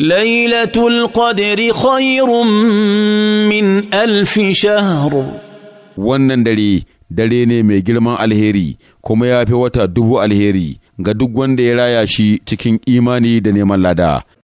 ليله القدر خير من الف شهر wannan dare dare ne mai girman alheri kuma ya fi wata dubu alheri ga duk wanda ya raya shi cikin imani da neman lada